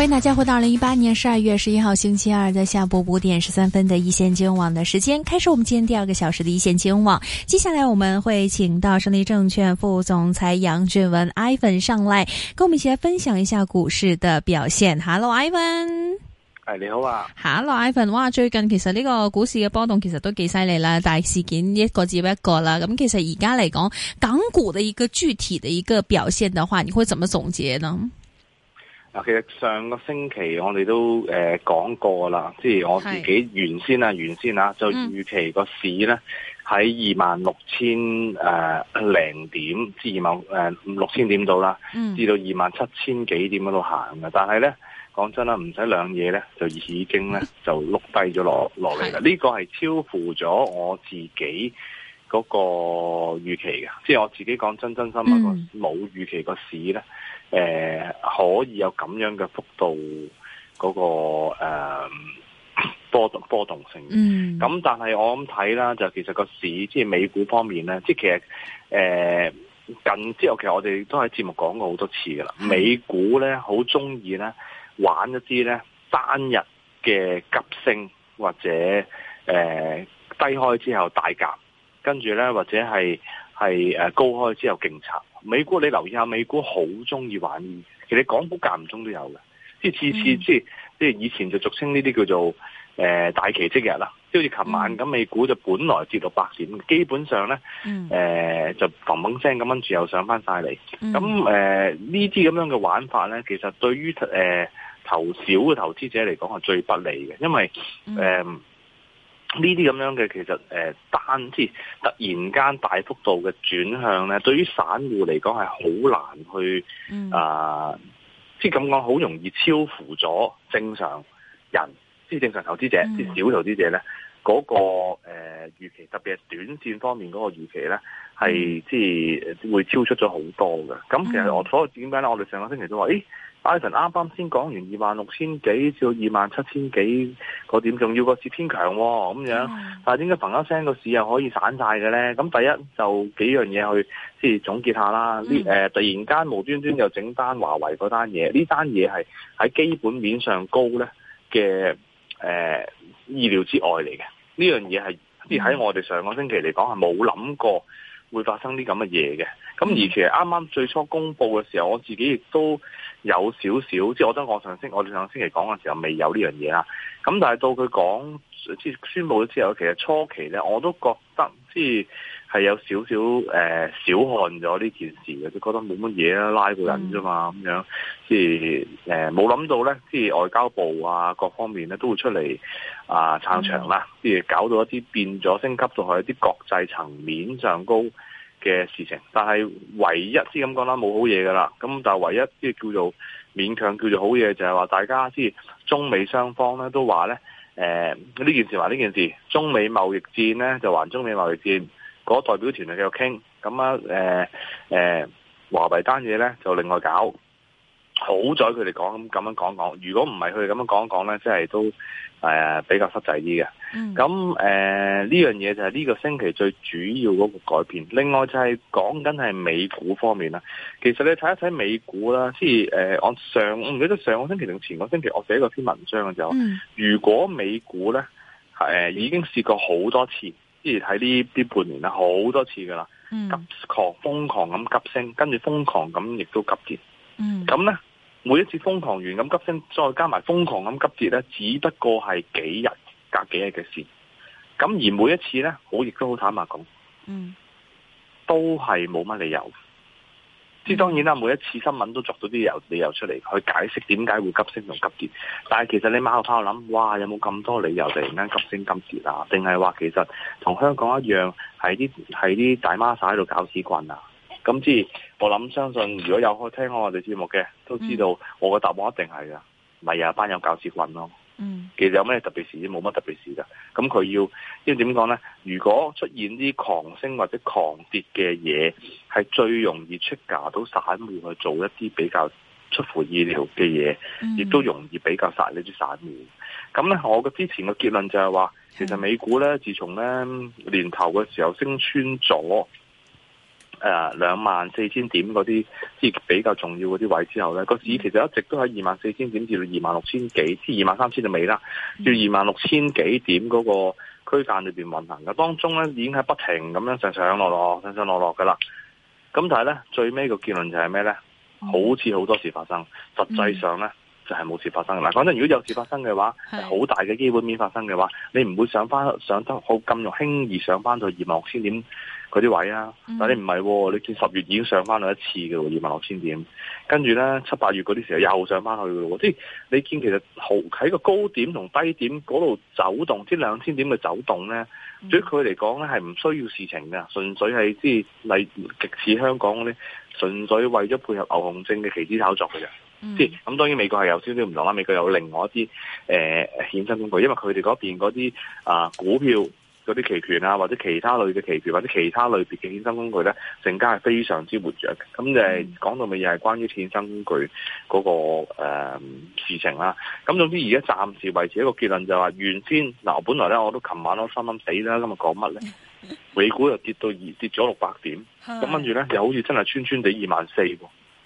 歡迎大家回到二零一八年十二月十一號星期二的下午五點十三分的一綫金融網的時間，開始我們今天第二個小時的一綫金融網。接下來我們會請到勝利證券副總裁楊俊文、Ivan 上來，跟我們一起來分享一下股市的表現。Hello，Ivan。哎，你好啊。Hello，Ivan。哇，最近其實呢個股市嘅波動其實都幾犀利啦，大事件一個接一個啦。咁其實而家嚟講，港股的一個具體的一個表現的話，你會怎麼總結呢？嗱，其實上個星期我哋都誒、呃、講過啦，即係我自己原先啊，原先啊，就預期個市咧喺二萬六千誒零點至二萬六千點度啦，至到二萬七千幾點嗰度行嘅。但係咧，講真啦，唔使兩嘢咧，就已經咧就碌低咗落落嚟啦。呢、嗯，這個係超乎咗我自己嗰個預期嘅，即係我自己講真真心一、嗯、個冇預期個市咧。誒、呃，可以有咁樣嘅幅度嗰、那個誒、呃、波動波動性，咁、mm. 但係我諗睇啦，就其實個市即係、就是、美股方面咧，即係其實誒、呃、近之後，其實我哋都喺節目講過好多次噶啦，mm. 美股咧好中意咧玩一啲咧單日嘅急升或者誒、呃、低開之後大夾，跟住咧或者係係誒高開之後勁插。美股你留意一下，美股好中意玩，其實港股間唔中都有嘅，即係次次即係即係以前就俗稱呢啲叫做誒、呃、大奇蹟日啦，即好似琴晚咁，美股就本來跌到百點，基本上咧誒、嗯呃、就嘭嘭聲咁樣跟住又上翻晒嚟，咁誒呢啲咁樣嘅玩法咧，其實對於誒、呃、投少嘅投資者嚟講係最不利嘅，因為誒。嗯呃呢啲咁樣嘅，其實單，即、呃、係突然間大幅度嘅轉向咧，對於散戶嚟講係好難去、嗯、啊，即係咁講，好容易超乎咗正常人，即係正常投資者，即小投資者咧。嗰、那個誒、呃、預期，特別係短線方面嗰個預期咧，係即係會超出咗好多嘅。咁其實我所有點解我哋上個星期都話，誒、欸，艾 n 啱啱先講完二萬六千幾至到二萬七千幾嗰點，仲要個市偏強咁、哦、樣。嗯、但係點解朋友聲個市又可以散晒嘅咧？咁第一就幾樣嘢去即係總結下啦。呢、嗯、誒、呃、突然間無端端又整單華為嗰單嘢，呢單嘢係喺基本面上高咧嘅誒。意料之外嚟嘅，呢樣嘢係即喺我哋上個星期嚟講，係冇諗過會發生啲咁嘅嘢嘅，咁而其實啱啱最初公布嘅時候，我自己亦都有少少，即係我得我上星，我上星期講嘅時候未有呢樣嘢啦，咁但係到佢講。宣佈咗之後，其實初期咧，我都覺得即係有少少誒小看咗呢件事嘅，覺得冇乜嘢啦，拉個人啫嘛咁樣。即係誒冇諗到咧，即係外交部啊各方面咧都會出嚟啊撐場啦，即、嗯、係搞到一啲變咗升級到去一啲國際層面上高嘅事情。但係唯一先咁講啦，冇好嘢噶啦。咁但係唯一即係叫做勉強叫做好嘢，就係話大家即係中美雙方咧都話咧。誒、呃，呢件事話呢件事，中美貿易戰呢就還中美貿易戰，嗰、那個、代表團就繼續傾，咁啊誒誒，華為單嘢呢，就另外搞，好在佢哋講咁咁樣講講，如果唔係佢哋咁樣講講呢，即係都誒、呃，比較失仔啲嘅。咁、嗯、誒，呢、呃、樣嘢就係呢個星期最主要嗰個改變。另外就係講緊係美股方面看看股啦。其實你睇一睇美股啦，即係誒，我上我、嗯、唔記得上個星期定前個星期，我寫過篇文章嘅就、嗯，如果美股呢係、呃、已經試過好多次，即係喺呢呢半年啦，好多次噶啦、嗯，急狂瘋狂咁急升，跟住瘋狂咁亦都急跌。咁、嗯、呢每一次瘋狂完咁急升，再加埋瘋狂咁急跌呢，只不過係幾日。隔幾日嘅事，咁而每一次呢，我亦都好坦白講，嗯，都係冇乜理由。即係當然啦、嗯，每一次新聞都作到啲由理由出嚟去解釋點解會急升同急跌。但係其實你馬後炮諗，哇，有冇咁多理由突然間急升急跌啊？定係話其實同香港一樣，喺啲喺啲大媽晒喺度搞屎棍啊？咁即係我諗，相信如果有開聽我哋節目嘅，都知道我嘅答案一定係噶，咪、嗯、啊、就是、班有搞屎棍咯。嗯，其實有咩特別事，冇乜特別事㗎。咁佢要，因為點講呢？如果出現啲狂升或者狂跌嘅嘢，係、嗯、最容易出價到散戶去做一啲比較出乎意料嘅嘢，亦、嗯、都容易比較殺這些面呢啲散戶。咁咧，我嘅之前嘅結論就係話，其實美股呢，自從呢年頭嘅時候升穿咗。誒兩萬四千點嗰啲，即係比較重要嗰啲位之後咧，個、嗯、市其實一直都喺二萬四千點至到二萬六千幾，嗯、至二萬三千就未啦，至二萬六千幾點嗰個區間裏邊運行嘅。當中咧已經係不停咁樣上上落落、上上落落嘅啦。咁但係咧，最尾個結論就係咩咧？嗯、好似好多事發生，實際上咧、嗯、就係冇事發生。嗱，講真，如果有事發生嘅話，好大嘅基本面發生嘅話，你唔會上翻上得好咁容易，上翻到二萬六千點。嗰啲位啊，嗯、但你唔係，你見十月已經上翻去一次嘅二萬六千點，跟住咧七八月嗰啲時候又上翻去嘅，即、欸、係你見其實喺個高點同低點嗰度走動，啲兩千點嘅走動咧，對於佢嚟講咧係唔需要事情嘅，純粹係即係類極似香港呢，啲，純粹為咗配合牛熊證嘅期指炒作嘅啫。即、嗯、咁、嗯、當然美國係有少少唔同啦，美國有另外一啲誒、呃、衍生工具，因為佢哋嗰邊嗰啲啊股票。嗰啲期權啊，或者其他類嘅期權，或者其他類別嘅衍生工具咧，成交係非常之活躍嘅。咁就係講到尾又係關於衍生工具嗰、那個、呃、事情啦、啊。咁總之而家暫時維持一個結論就係話，原先嗱、啊、我本來咧我都琴晚都心諗，死啦，今日講乜咧？美股又跌到二跌咗六百點，咁跟住咧又好似真係穿穿地二萬四喎。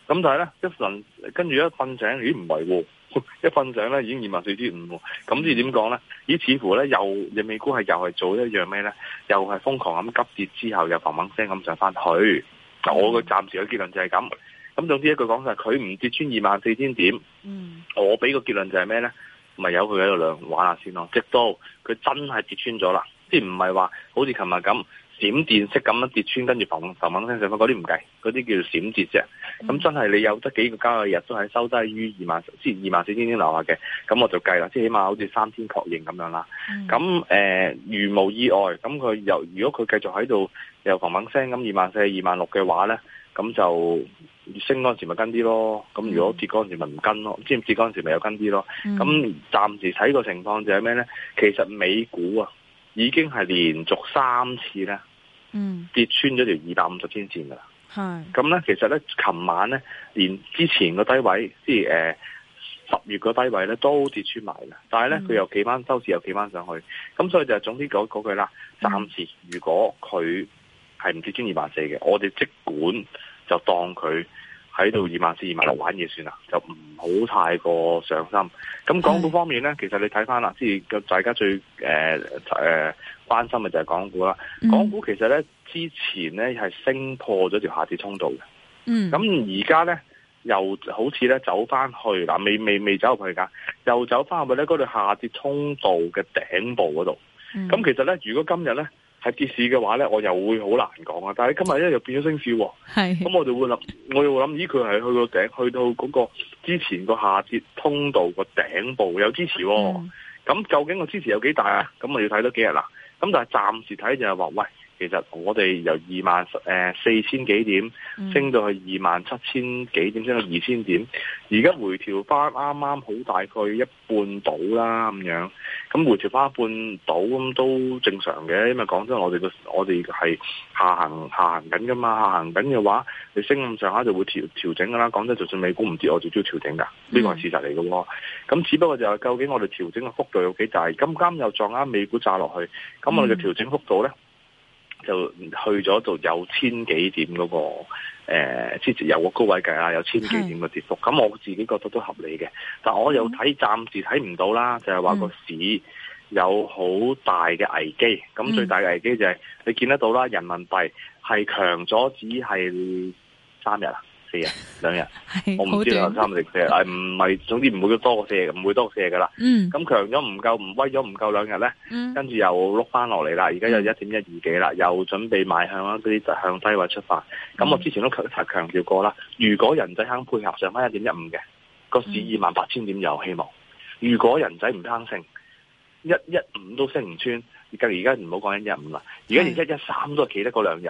咁但係咧一陣跟住一瞓醒，咦唔係喎。 一瞓醒咧已經二萬四千五，咁即係點講咧？咦，似乎咧又，你美股係又係做一樣咩咧？又係瘋狂咁急跌之後又嘭嘭聲咁上翻去。我嘅暫時嘅結論就係咁。咁總之一句講就係，佢唔跌穿二萬四千點，嗯，我俾個結論就係咩咧？咪由佢喺度量玩，玩下先咯。直到佢真係跌穿咗啦，即係唔係話好似琴日咁。閃電式咁樣跌穿，跟住嘭嘭嘭聲上返，嗰啲唔計，嗰啲叫閃跌啫。咁、嗯、真係你有得幾個交易日都係收低於二萬，即係、嗯呃、二萬四千樓下嘅話，咁我就計啦。即係起碼好似三天確認咁樣啦。咁、嗯、誒，如無意外，咁佢由如果佢繼續喺度又嘭嘭聲咁二萬四、二萬六嘅話咧，咁就升嗰陣時咪跟啲咯。咁如果跌嗰陣時咪唔跟咯，跌跌嗰陣時咪又跟啲咯。咁、嗯、暫時睇個情況就係咩咧？其實美股啊，已經係連續三次咧。嗯、跌穿咗條二百五十天線噶啦，係咁咧，其實咧，琴晚咧，連之前個低位，即係誒十月個低位咧，都跌穿埋啦。但係咧，佢又企翻，收市又企翻上去。咁所以就係，總之講句啦，暫時如果佢係唔跌穿二百四嘅，我哋即管就當佢。喺度二萬四二萬六玩嘢算啦，就唔好太過上心。咁港股方面咧，其實你睇翻啦，即係大家最誒誒、呃呃、關心嘅就係港股啦、嗯。港股其實咧，之前咧，係升破咗條下跌通道嘅，嗯。咁而家咧又好似咧走翻去嗱，未未未走入去噶，又走翻去咧嗰度下跌通道嘅頂部嗰度。咁、嗯、其實咧，如果今日咧，係跌市嘅話咧，我又會好難講啊。但係今日咧又變咗升市喎，咁我就會諗，我又諗，咦，佢係去個頂，去到嗰個之前個下跌通道個頂部有支持、哦，咁、嗯、究竟個支持有幾大啊？咁我要睇多幾日啦。咁但係暫時睇就係話喂。其實我哋由二萬誒四千幾點升到去二萬七千幾點，升到二千點，而家回調翻啱啱好大，大概一半度啦，咁樣咁回調翻一半度咁都正常嘅，因為講真，我哋個我哋係下行下行緊噶嘛，下行緊嘅話你升咁上下就會調調整噶啦。講真，就算美股唔跌，我哋都要調整噶，呢個係事實嚟嘅、哦。咁只不過就係、是、究竟我哋調整嘅幅度有幾大？咁啱又撞啱美股炸落去，咁我哋嘅調整幅度咧？嗯就去咗到有千幾點嗰、那個，誒、呃，之前有個高位計啦，有千幾點嘅跌幅，咁我自己覺得都合理嘅，但我又睇暫時睇唔到啦，就係、是、話個市有好大嘅危機，咁最大嘅危機就係你見得到啦，人民幣係強咗，只係三日啦。 兩日兩日，我唔知係三日四日，日、 哎，唔係？總之唔會多過四日，唔會多過四日噶啦。咁、嗯、強咗唔夠，唔威咗唔夠兩日呢，嗯、跟住又碌翻落嚟啦。而、嗯、家又一點一二幾啦，又準備買向啲向，向低位出發。咁我之前都強齊強調過啦、嗯。如果人仔肯配合上翻一點一五嘅，個市二萬八千點有希望。如果人仔唔撐升，一一五都升唔穿，而家而家唔好講緊一五啦，而家連一一三都企得嗰兩日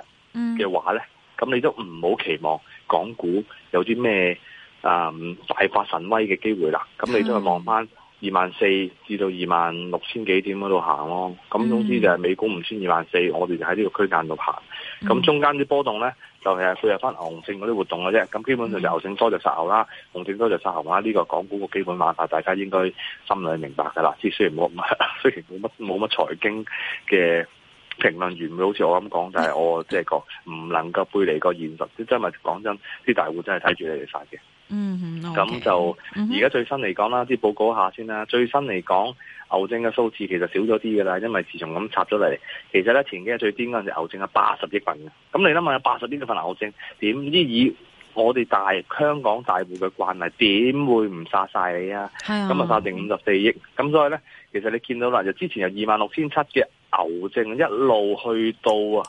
嘅、嗯、話呢，咁你都唔好期望。港股有啲咩啊大發神威嘅機會啦？咁你都係望翻二萬四至到二萬六千幾點嗰度行咯。咁總之就係美股唔穿二萬四，我哋就喺呢個區間度行。咁中間啲波動咧，就係配合翻牛熊證嗰啲活動嘅啫。咁基本上，牛證多就殺牛啦，熊證多就殺牛啦。呢個，港股嘅基本玩法，大家應該心裏明白噶啦。即係雖然冇雖然冇乜冇乜財經嘅。評論員唔好似我咁講，但、就、係、是、我即係講唔能夠背離個現實，即係真係講真的，啲大戶真係睇住你哋殺嘅。嗯、咁、okay, 就而家最新嚟講啦，啲、嗯、報告一下先啦。最新嚟講，牛證嘅數字其實少咗啲噶啦，因為自從咁插咗嚟，其實咧前幾日最癲嗰陣時，那你想想的牛證係八十億份嘅。咁你諗下，八十億嘅份牛證，點知以我哋大香港大戶嘅慣例，點會唔殺晒你啊？係啊，咁啊殺定五十四億。咁所以咧，其實你見到啦，就之前有二萬六千七嘅。牛證一路去到啊，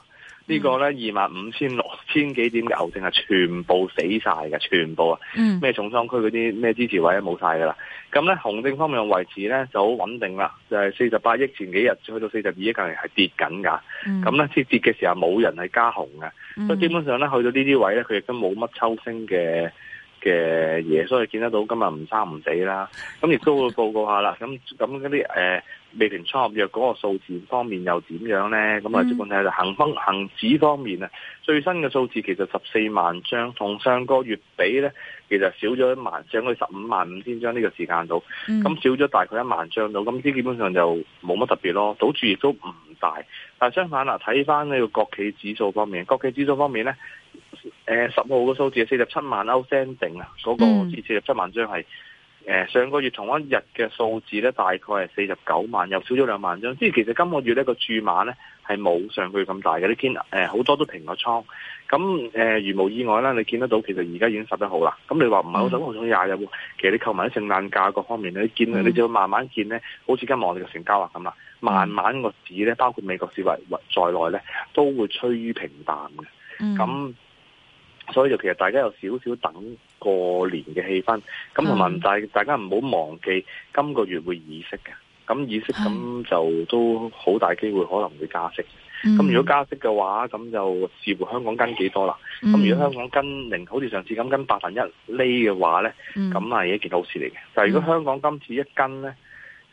呢個呢，二萬五千六千幾點嘅牛證係全部死晒㗎，全部啊，咩、嗯、重倉區嗰啲咩支持位都冇晒噶啦。咁呢，熊證方面位置呢就好穩定啦，就係四十八億，前幾日去到四十二億，近年係跌緊噶。咁、嗯、呢，即跌嘅時候冇人係加熊嘅、嗯，所以基本上呢，去到呢啲位呢，佢亦都冇乜抽升嘅嘅嘢，所以見得到今日唔生唔死啦。咁亦都會報告下啦。咁咁嗰啲誒。未停倉合約嗰個數字方面又點樣咧？咁或者問題係行崩恒指方面啊，最新嘅數字其實十四萬張，同上個月比咧，其實少咗一萬張，去十五萬五千張呢個時間度，咁、嗯、少咗大概一萬張度，咁啲基本上就冇乜特別咯，賭注亦都唔大。但相反啊，睇翻呢個國企指數方面，國企指數方面咧，誒、呃、十號嘅數字係四十七萬歐 c e 定啊，嗰個至四十七萬張係。嗯誒、呃、上個月同一日嘅數字咧，大概係四十九萬，又少咗兩萬張。即係其實今個月呢個注碼咧係冇上去咁大嘅，你見好多都平咗倉。咁誒、呃、如無意外啦，你見得到其實而家已經十一號啦。咁你話唔係好想好想廿日，其實你購買聖誕假各方面你見、嗯、你就要慢慢見咧，好似今日我哋嘅成交啊咁啦，慢慢個市咧，包括美國市為在內咧，都會趨於平淡嘅。咁、嗯、所以就其實大家有少少等。過年嘅氣氛，咁同埋大大家唔好忘記今個月會議息嘅，咁議息咁就都好大機會可能會加息。咁、嗯、如果加息嘅話，咁就視乎香港跟幾多啦。咁、嗯、如果香港跟零，好似上次咁跟百分一厘嘅話呢，咁、嗯、係一件好事嚟嘅。但係如果香港今次一跟呢，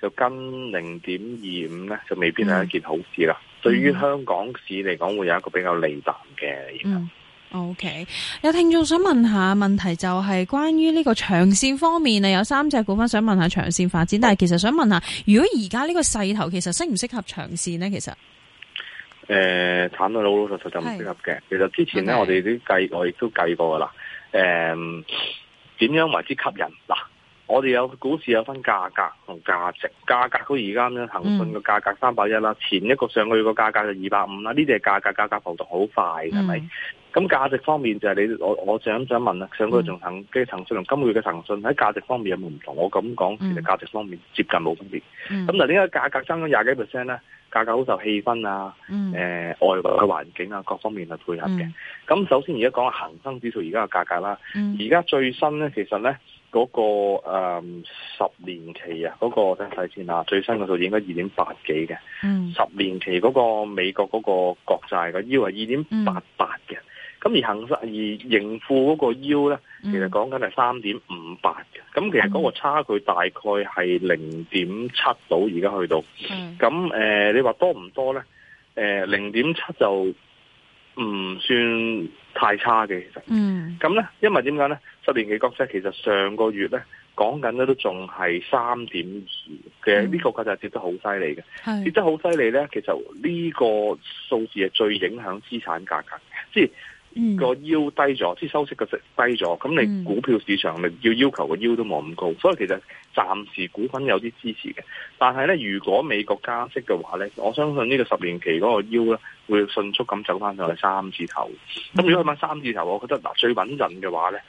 就跟零點二五呢，就未必係一件好事啦、嗯。對於香港市嚟講，會有一個比較利淡嘅影響。嗯 OK，有聽眾想問下問題，就係關於呢個長線方面啊，有三隻股份想問下長線發展，但係其實想問下，如果而家呢個勢頭，其實適唔適合長線呢？其實誒，坦率老老實實就唔適合嘅。其實之前呢，okay，我哋都計，我亦都計過噶啦。誒、呃，點樣為之吸引？嗱，我哋有股市有分價格同價值，價格佢而家呢，咁樣騰訊嘅價格三百一啦，前一個上個月個價格就二百五啦，呢啲係價格，價格浮動好快，係、嗯、咪？咁價值方面就係你我我想想問啊，上個月仲騰嘅騰訊同今個月嘅騰訊喺價值方面有冇唔同？我咁講其實價值方面接近冇分別。咁、嗯、嗱，點解價格爭咗廿幾 percent 咧，價格好受氣氛啊、誒、嗯呃、外圍嘅環境啊各方面嚟配合嘅。咁、嗯、首先而家講下恆生指數而家嘅價格啦。而、嗯、家最新咧，其實咧嗰、那個十、呃、年期啊，嗰、那個睇睇先啊，最新個數字應該二點八幾嘅。十、嗯、年期嗰個美國嗰個國債嘅要係二點八八嘅。咁而行，而盈富嗰個 U 咧、嗯，其實講緊係三點五八嘅。咁、嗯、其實嗰個差距大概係零點七到而家去到。咁、嗯嗯呃、你話多唔多咧？誒、呃，零點七就唔算太差嘅，其實。嗯。咁咧，因為點解咧？十年期國債其實上個月咧講緊咧都仲係三點二嘅，呢個價就跌得好犀利嘅，跌、嗯、得好犀利咧。其實呢個數字係最影響資產價格嘅，即、係嗯那個腰低咗，即係收息個低咗，咁你股票市場，你要要求個腰都冇咁高，所以其實暫時股份有啲支持嘅。但係咧，如果美國加息嘅話咧，我相信呢個十年期嗰個腰咧會迅速咁走翻上去三字頭。咁、嗯、如果佢翻三字頭，我覺得嗱最穩陣嘅話咧，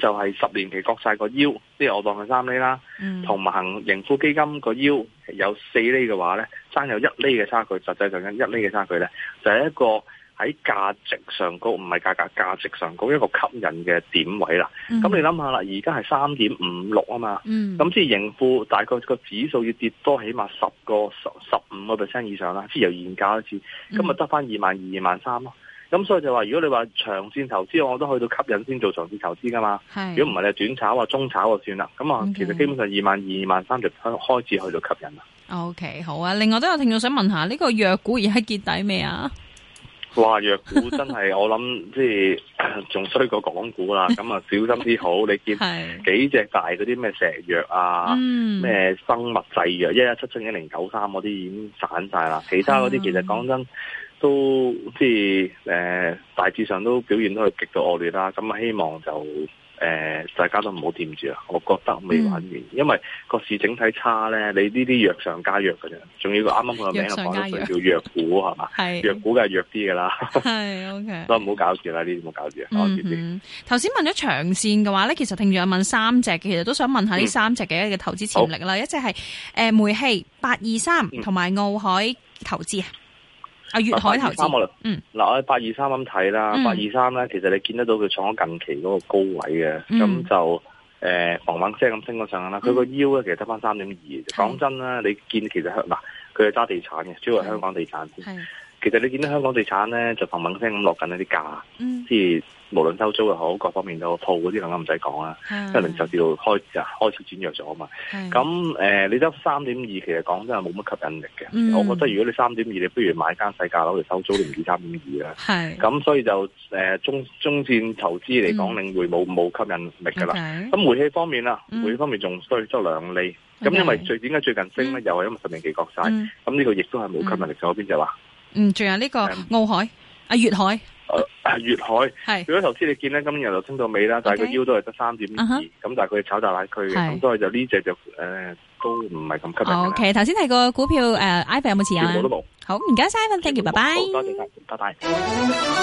就係、是、十年期割晒個腰，即係我當佢三厘啦，同埋行盈富基金個腰有四厘嘅話咧，差有一厘嘅差距，實際上有一厘嘅差距咧就係、是、一個。喺價值上高，唔係價格價值上高一個吸引嘅點位啦。咁、嗯、你諗下啦，而家係三點五六啊嘛。咁即係盈富大概個指數要跌多，起碼十個十十五個 percent 以上啦。即係由現價開始，今日得翻二萬二萬三咯。咁所以就話，如果你話長線投資，我都去到吸引先做長線投資噶嘛。如果唔係，你短炒啊、中炒就算啦。咁、嗯、啊，其實基本上二萬二萬三就開始去到吸引啦。O、okay, K，好啊。另外都有聽眾想問下，呢、這個藥股而係結底未啊？話藥股真係我諗，即係仲衰過港股啦。咁啊，小心啲好。你見幾隻大嗰啲咩石藥啊，咩 生物製藥，一一七七一零九三嗰啲已經散晒啦。其他嗰啲其實講 真，都即係誒，大致上都表現都係極度惡劣啦。咁啊，希望就。誒，大家都唔好掂住啊，我覺得未玩完、嗯，因為個市整體差咧。你呢啲弱上加弱嘅啫，仲要啱啱個名又講咗，叫弱，弱，弱股係嘛？係 弱股梗係弱啲嘅啦。係 OK，都唔好搞住啦，呢啲唔好搞住。我頭先問咗長線嘅話咧，其實聽住有問三隻，其實都想問下呢三隻嘅一個投資潛力啦、嗯。一隻係誒，煤氣八二三同埋澳海投資。阿、啊、粵海投資，嗯，嗱，我喺八二三咁睇啦，八二三咧，其實你見得到佢坐咗近期嗰個高位嘅，咁就誒，嘭嘭聲咁升咗上啦，佢個腰咧其實得翻三點二，講真啦，你見其實香嗱，佢係揸地產嘅，主要係香港地產先，其實你見到、嗯呃升升嗯你見呃、香港地產咧就嘭嘭聲咁落緊一啲價，即、嗯、係。無論收租又好，各方面都鋪嗰啲咁，唔使講啦，因為零售開始啊，開始轉弱咗啊嘛。咁誒、呃，你得三點二，其實講真係冇乜吸引力嘅。嗯、我覺得如果你三點二，你不如買間細價樓嚟收租3.2，你唔止三點二啦。係咁，所以就誒、呃，中中線投資嚟講，領、嗯、匯冇冇吸引力噶啦。咁、okay 啊、煤氣方面啦、啊，煤氣方面仲衰咗兩厘。咁、嗯、因為最點解最近升咧，又、嗯、係因為十年期國債。咁呢個亦都係冇吸引力。左、嗯、邊就話，嗯，仲有呢、這個、嗯、澳海啊，粵海。誒，係粵海。係，如果頭先你見咧，今日就升到尾啦，但係個 yield 都係得三點二，咁但係佢係炒大奶區嘅，咁所以就呢隻就誒都唔係咁吸引。O K，頭先係個股票誒，iPhone 有冇持有？冇都冇。好，唔該晒，iPhone，thank you，拜拜。好，多謝晒，多謝。